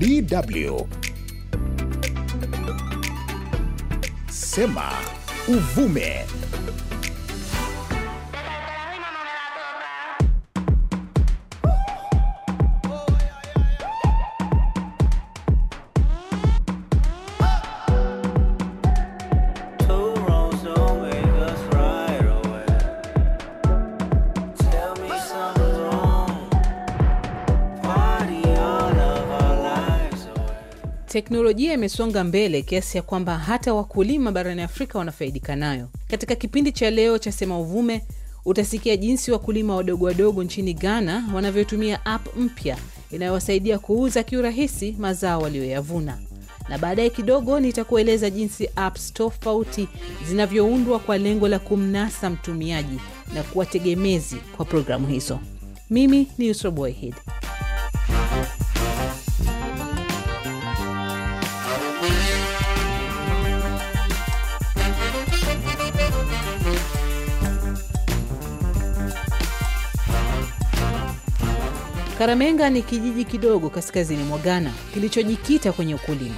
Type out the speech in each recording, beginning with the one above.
DW Sema Uvume. teknolojia imesonga mbele kiasi ya kwamba hata wakulima barani Afrika wanafaidika nayo. Katika kipindi cha leo cha Sema Uvume utasikia jinsi wakulima wadogo wadogo nchini Ghana wanavyotumia app mpya inayowasaidia kuuza kiurahisi mazao waliyoyavuna, na baadaye kidogo nitakueleza jinsi apps tofauti zinavyoundwa kwa lengo la kumnasa mtumiaji na kuwategemezi kwa programu hizo. Mimi ni Yusra Boyhid. Karamenga ni kijiji kidogo kaskazini mwa Ghana kilichojikita kwenye ukulima.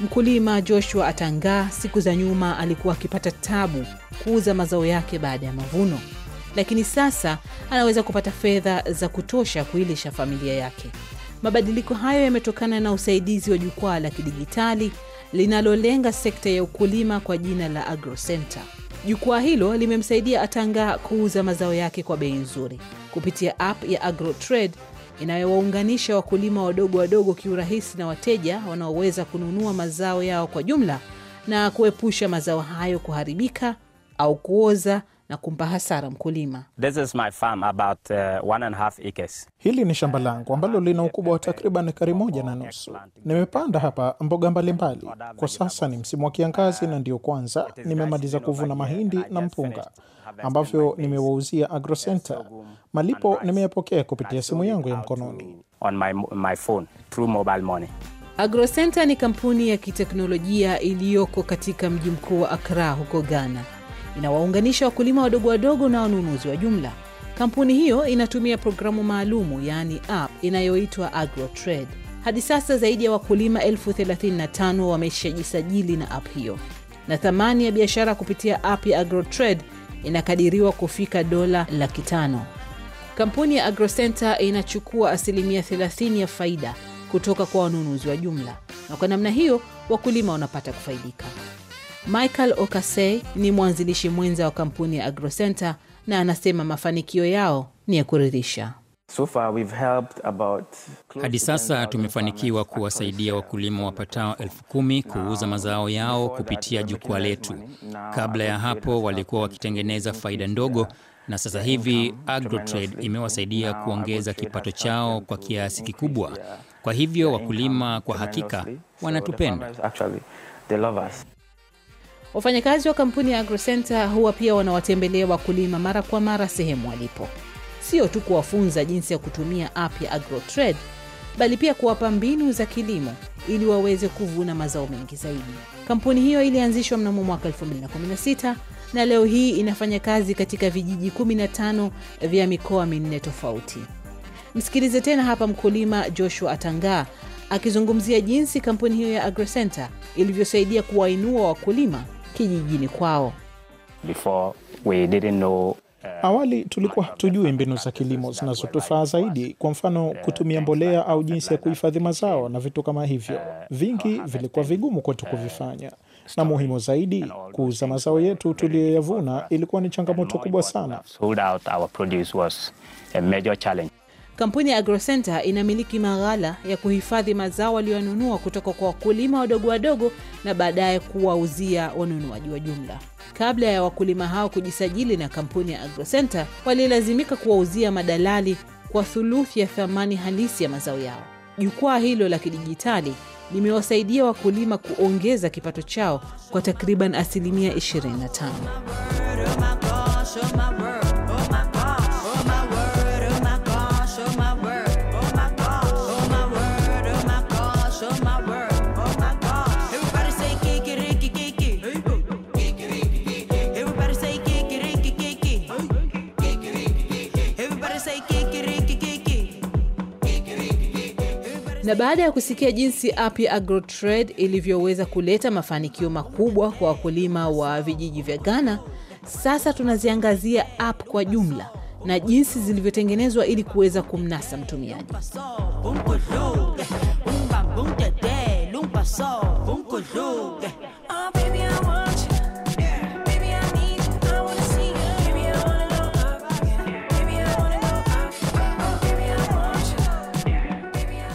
Mkulima Joshua atanga siku za nyuma alikuwa akipata tabu kuuza mazao yake baada ya mavuno, lakini sasa anaweza kupata fedha za kutosha kuilisha familia yake. Mabadiliko hayo yametokana na usaidizi wa jukwaa la kidijitali linalolenga sekta ya ukulima kwa jina la AgroCenter. Jukwaa hilo limemsaidia atanga kuuza mazao yake kwa bei nzuri kupitia app ya AgroTrade inayowaunganisha wakulima wadogo wadogo kiurahisi na wateja wanaoweza kununua mazao yao kwa jumla na kuepusha mazao hayo kuharibika au kuoza na kumpa hasara mkulima. This is my farm about, uh, one and a half acres. Hili ni shamba langu ambalo lina ukubwa wa takriban ekari moja na nusu. Nimepanda hapa mboga mbalimbali. Kwa sasa ni msimu wa kiangazi na ndio kwanza nimemaliza kuvuna mahindi na mpunga ambavyo nimewauzia Agrocenter. Malipo nimeyapokea kupitia simu yangu ya mkononi on my, my phone, through mobile money. Agrocenter ni kampuni ya kiteknolojia iliyoko katika mji mkuu wa Accra huko Ghana inawaunganisha wakulima wadogo wadogo na wanunuzi wa jumla. Kampuni hiyo inatumia programu maalumu, yaani app inayoitwa AgroTrade. Hadi sasa zaidi ya wakulima elfu 35 wameshajisajili na app hiyo, na thamani ya biashara kupitia app ya AgroTrade inakadiriwa kufika dola laki tano. Kampuni ya AgroCenter inachukua asilimia 30 ya faida kutoka kwa wanunuzi wa jumla, na kwa namna hiyo wakulima wanapata kufaidika. Michael Okasey ni mwanzilishi mwenza wa kampuni ya Agrocenter na anasema mafanikio yao ni ya kuridhisha. So hadi sasa tumefanikiwa kuwasaidia wakulima wapatao elfu kumi kuuza mazao yao kupitia jukwaa letu. Kabla ya hapo walikuwa wakitengeneza faida ndogo, na sasa hivi Agrotrade imewasaidia kuongeza kipato chao kwa kiasi kikubwa. Kwa hivyo wakulima kwa hakika wanatupenda. Wafanyakazi wa kampuni ya Agrocenter huwa pia wanawatembelea wakulima mara kwa mara sehemu walipo, sio tu kuwafunza jinsi ya kutumia app ya Agrotrade, bali pia kuwapa mbinu za kilimo ili waweze kuvuna mazao mengi zaidi. Kampuni hiyo ilianzishwa mnamo mwaka 2016 na leo hii inafanya kazi katika vijiji 15 vya mikoa minne tofauti. Msikilize tena hapa mkulima Joshua Atangaa akizungumzia jinsi kampuni hiyo ya Agrocenter ilivyosaidia kuwainua wakulima kijijini kwao. Uh, Awali tulikuwa hatujui mbinu za kilimo zinazotufaa zaidi, kwa mfano kutumia mbolea au jinsi ya kuhifadhi mazao na vitu kama hivyo. Vingi vilikuwa vigumu kwetu kuvifanya, na muhimu zaidi, kuuza mazao yetu tuliyoyavuna ilikuwa ni changamoto kubwa sana. Kampuni ya Agrocenter inamiliki maghala ya kuhifadhi mazao waliyonunua kutoka kwa wakulima wadogo wadogo na baadaye kuwauzia wanunuaji wa jumla. Kabla ya wakulima hao kujisajili na kampuni ya Agrocenter, walilazimika kuwauzia madalali kwa thuluthi ya thamani halisi ya mazao yao. Jukwaa hilo la kidijitali limewasaidia wakulima kuongeza kipato chao kwa takriban asilimia 25. Na baada ya kusikia jinsi app ya AgroTrade ilivyoweza kuleta mafanikio makubwa kwa wakulima wa vijiji vya Ghana, sasa tunaziangazia app kwa jumla na jinsi zilivyotengenezwa ili kuweza kumnasa mtumiaji.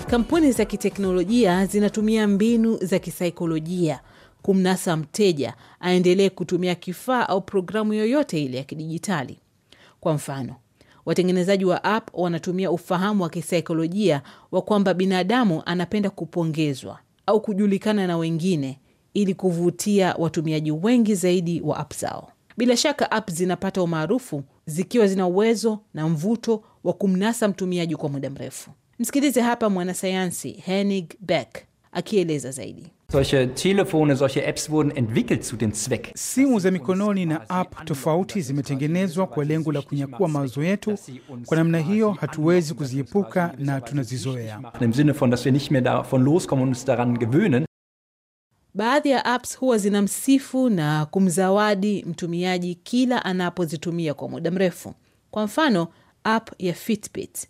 Kampuni za kiteknolojia zinatumia mbinu za kisaikolojia kumnasa mteja aendelee kutumia kifaa au programu yoyote ile ya kidijitali. Kwa mfano, watengenezaji wa app wanatumia ufahamu wa kisaikolojia wa kwamba binadamu anapenda kupongezwa au kujulikana na wengine ili kuvutia watumiaji wengi zaidi wa app zao. Bila shaka app zinapata umaarufu zikiwa zina uwezo na mvuto wa kumnasa mtumiaji kwa muda mrefu. Msikilize hapa mwanasayansi Henig Beck akieleza zaidi. Solche Telefone, solche Apps wurden entwickelt zu dem Zweck. Simu za mikononi na app tofauti zimetengenezwa kwa lengo la kunyakua mawazo yetu. Kwa namna hiyo hatuwezi kuziepuka na tunazizoea. Im Sinne von dass wir nicht mehr davon loskommen und uns daran gewöhnen. Baadhi ya apps huwa zinamsifu na kumzawadi mtumiaji kila anapozitumia kwa muda mrefu. Kwa mfano, app ya Fitbit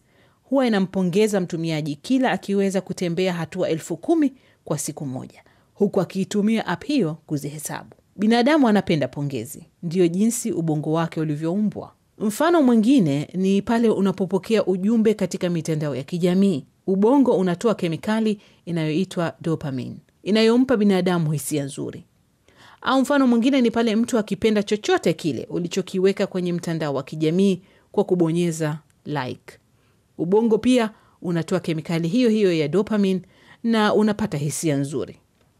huwa inampongeza mtumiaji kila akiweza kutembea hatua elfu kumi kwa siku moja, huku akiitumia ap hiyo kuzihesabu. Binadamu anapenda pongezi, ndiyo jinsi ubongo wake ulivyoumbwa. Mfano mwingine ni pale unapopokea ujumbe katika mitandao ya kijamii. Ubongo unatoa kemikali inayoitwa dopamin inayompa binadamu hisia nzuri. Au mfano mwingine ni pale mtu akipenda chochote kile ulichokiweka kwenye mtandao wa kijamii kwa kubonyeza like. Ubongo pia unatoa kemikali hiyo hiyo ya dopamin na unapata hisia nzuri.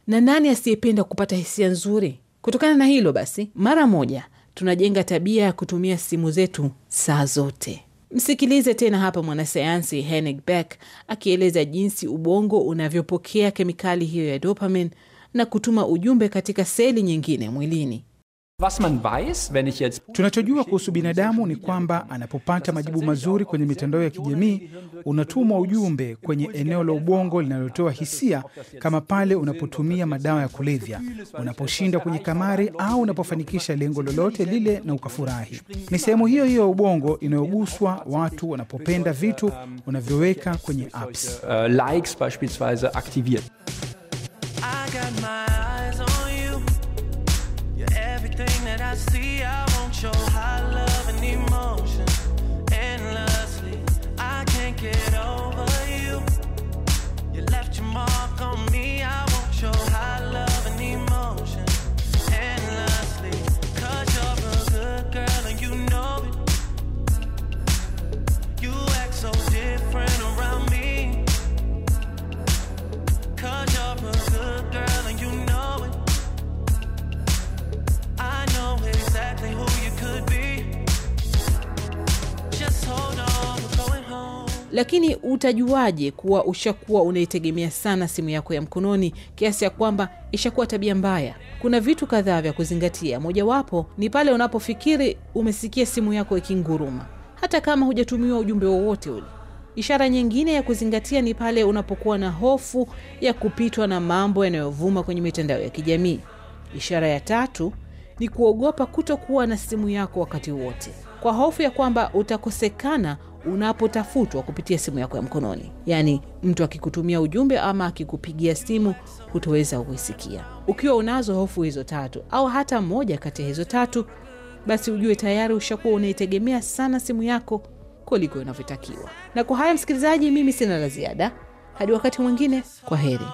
Na nani asiyependa kupata hisia nzuri? Kutokana na hilo basi, mara moja tunajenga tabia ya kutumia simu zetu saa zote. Msikilize tena hapa mwanasayansi Henig Beck akieleza jinsi ubongo unavyopokea kemikali hiyo ya dopamin na kutuma ujumbe katika seli nyingine mwilini. Tunachojua kuhusu binadamu ni kwamba anapopata majibu mazuri kwenye mitandao ya kijamii, unatumwa ujumbe kwenye eneo la ubongo linalotoa hisia, kama pale unapotumia madawa ya kulevya, unaposhinda kwenye kamari, au unapofanikisha lengo lolote lile na ukafurahi. Ni sehemu hiyo hiyo ya ubongo inayoguswa watu wanapopenda vitu unavyoweka kwenye apps. Lakini utajuaje kuwa ushakuwa unaitegemea sana simu yako ya mkononi kiasi ya kwamba ishakuwa tabia mbaya? Kuna vitu kadhaa vya kuzingatia. Mojawapo ni pale unapofikiri umesikia simu yako ikinguruma, hata kama hujatumiwa ujumbe wowote ule. Ishara nyingine ya kuzingatia ni pale unapokuwa na hofu ya kupitwa na mambo yanayovuma kwenye mitandao ya kijamii. Ishara ya tatu ni kuogopa kutokuwa na simu yako wakati wote, kwa hofu ya kwamba utakosekana unapotafutwa kupitia simu yako ya mkononi, yaani mtu akikutumia ujumbe ama akikupigia simu hutoweza kuisikia. Ukiwa unazo hofu hizo tatu au hata moja kati ya hizo tatu, basi ujue tayari ushakuwa unaitegemea sana simu yako kuliko inavyotakiwa. Na kwa haya, msikilizaji, mimi sina la ziada. Hadi wakati mwingine, kwa heri.